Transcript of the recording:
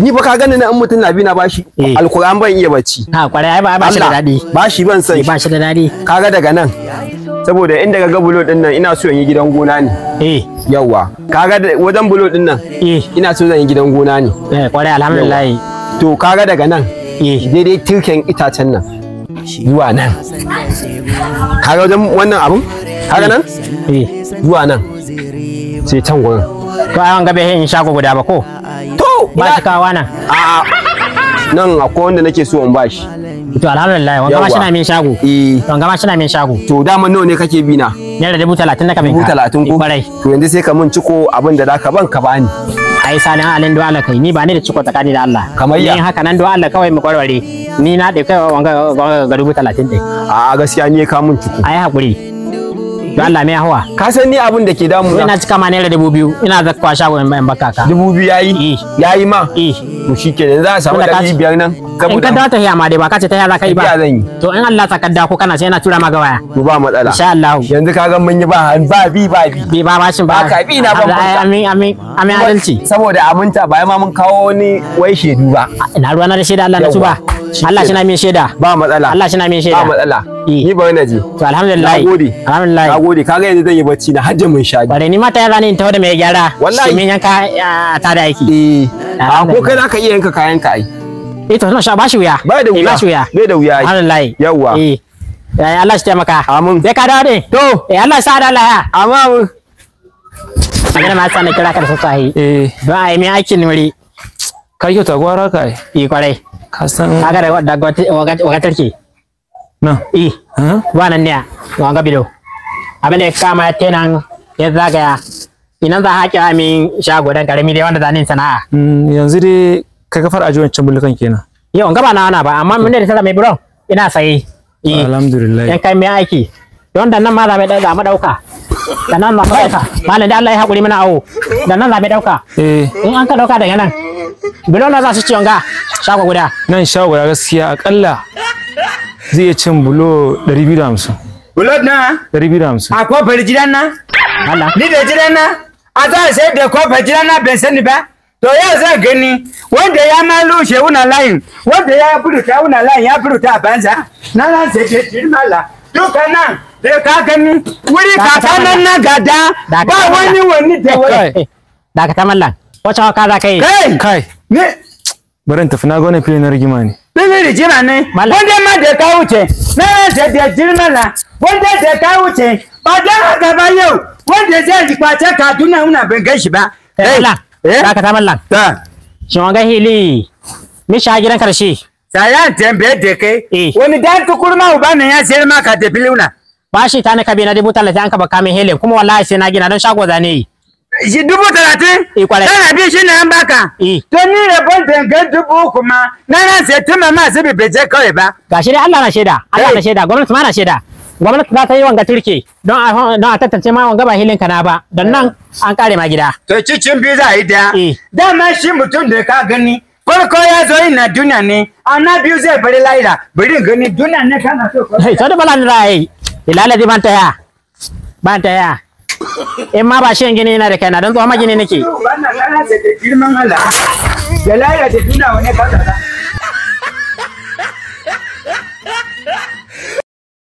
ni ba ka gani na in mutum na bi na bashi eh. alkur'an ban iya bacci ha kwarai ai ba ba shi da dadi bashi ban sai ba shi da dadi kaga daga nan saboda inda ga bulo din nan ina so in yi gidan gona ne eh yawa kaga wajen bulo din nan eh ina so zan yi gidan gona ne eh kwarai alhamdulillah to kaga daga nan eh daidai tirken itacen nan zuwa nan kaga wajen wannan abun kaga nan eh zuwa nan sai can gurin to an gabe in shago guda ba ko to ba shi kawa nan a'a nan akwai wanda nake so in bashi to alhamdulillah wanga ma shina min shago eh wanga ma shina min shago to dama nawa ne kake bi na naira dubu talatin naka minka dubu talatin ko barai to yanzu sai ka mun ciko abin da zaka ban ka bani ai an alin du'a Allah kai ni ba ne da ciko tsakani da Allah kamar ya haka nan du'a Allah kawai mu kwarware ni na da kai wanga ga dubu talatin din A gaskiya ni ka mun ciko ai hakuri Don Allah me hawa. Ka san ni abin da ke damu na. Ina cika ma naira dubu biyu. Ina zakka kwa shago in baka ka. Dubu biyu yayi. Eh. Yayi ma. Eh. To shikenan za a samu dari biyar nan. In ka dawo hiya ma dai ba ka ce ta hiya za ka yi ba. zan yi. To in Allah ta kadda ko kana sai na tura ma waya. To ba matsala. Insha Allah. Yanzu ka ga mun yi ba ba bi ba bi. Bi ba ba shin ba. Ba ka bi na ban ban. Amin amin amin adalci. Saboda aminta ba ma mun kawo ni wai shedu ba. Ina ruwana da shaida Allah na tuba. ba. Allah shi na min shaida ba matsala Allah shi na min shaida ba matsala ni ba wani ji to alhamdulillah nagode alhamdulillah nagode kaga yanzu zan yi bacci na hajjin mun shaji bare ni ma ta yara ne in tawo da mai gyara wallahi min yanka ta da aiki eh a ko kai zaka iya yanka kayan ka ai eh to sha ba shi wuya ba da eh, wuya ba shi wuya bai da wuya alhamdulillah yawa eh Allah shi taimaka amin sai ka dawo ne to eh Allah sa da Allah ya amin magana ma sa kira ka da sassahi eh ba ai mai aikin wuri kai ta gwara ka eh kwarai Hassan kaga da wadda waga tarki na eh wannan ne wanga bilo abin da kama tenan ya zagaya inan za haƙi amin shago dan karami dai wanda zanin sana'a mm, yanzu dai ka kafar ajiyon cin bulukan kenan yau gaba na wana ba amma mun da sallah mai buron ina saye eh. alhamdulillah yan kai mai aiki don da nan ma za mai da mu dauka da nan ma dauka malam da Allah ya hakuri mana awo dan nan za mai dauka eh. in an ka dauka daga nan bilo na za su ciyon shago guda nan shago guda gaskiya akalla zai iya cin bulo 250 bulo na 250 a kofar gidan na Allah ni da gidan na a za sai da kofar gidan na ban sani ba to yau zan gani wanda ya ma lushe wuna layin wanda ya ta wuna layin ya buruta a banza na ran sai da jirmala duka nan da ka gani wuri kakanan na gada ba wani wani da wani da ka wacce haka za ka yi kai kai barin tafi na gane filin na rigima ne filin rigima ne wanda ma da ka wuce na da da jirmala wanda da ka wuce ba da haka ba yau wanda zai ji kwace kaduna muna ban gan shi ba eh, eh. Allah eh? ka ka tamalla ta shin wanga hili mi sha gidan karshe sayan tambaye da kai wani dan tukurma uba ne ya sayar maka da filuna bashi ta na kabe na dubu talatin an ka baka min hele kuma wallahi sai na gina don shago zane yi dubu talatin tana eh, bin shi na an baka eh. to ni rabon dangan dubu kuma na na se sai tuma ma su bibice kawai ba gashi dai Allah na shaida Allah na eh. shaida gwamnati ma na shaida gwamnati za ta yi wanga turke don a don a tantance ma wanga ba hilin kana ba don nan an kare ma gida to cikin bi za a yi da dama shi mutum da ka gani farko ya zo yin na duniya ne ana biyu zai bari laira bari gani duniya ne kana so ko sai da bala ne rai ilala di ban ta ya ban ta ya in ma ba shan gini yana da kaina don tsohon gini nake wannan kana da girman Allah da laya da duna wani kaza